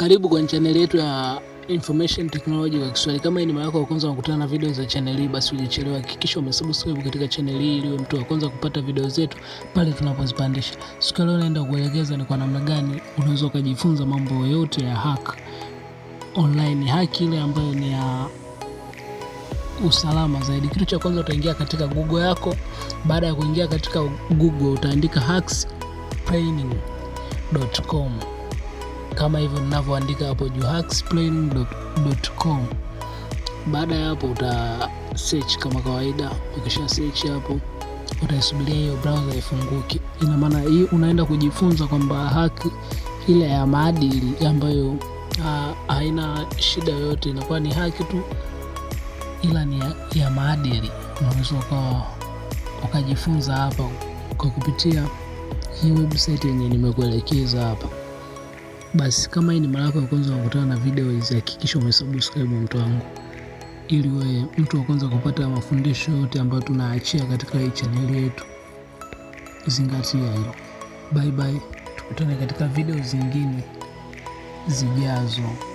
Karibu kwenye channel yetu ya Information Technology kwa Kiswahili. Kama ni mara yako ya kwanza unakutana na video za channel hii, basi hujachelewa, hakikisha umesubscribe katika channel hii ili mtu wa kwanza kupata video zetu pale tunapozipandisha. Siku leo naenda kuelekeza ni kwa namna gani unaweza ukajifunza mambo yote ya hack online, hack ile ambayo ni ya usalama zaidi. Kitu cha kwanza utaingia katika Google yako. Baada ya kuingia katika Google utaandika hackstraining.com kama hivyo ninavyoandika hapo juu Baada ya hapo uta search kama kawaida. Ukisha search hapo utaisubiria hiyo browser ifunguke. Ina maana hii unaenda kujifunza kwamba haki ile ya maadili ambayo haina shida yoyote, inakuwa ni haki tu, ila ni ya, ya maadili. Unaweza ukajifunza hapa kwa kupitia hii website yenye nimekuelekeza hapa. Basi kama hii ni mara yako ya kwanza kukutana na video hizi, hakikisha umesubscribe mtu wangu, ili uwe mtu wa kwanza kupata mafundisho yote ambayo tunaachia katika hii chaneli yetu. Zingatia hilo. Bye bye, tukutane katika video zingine zijazo.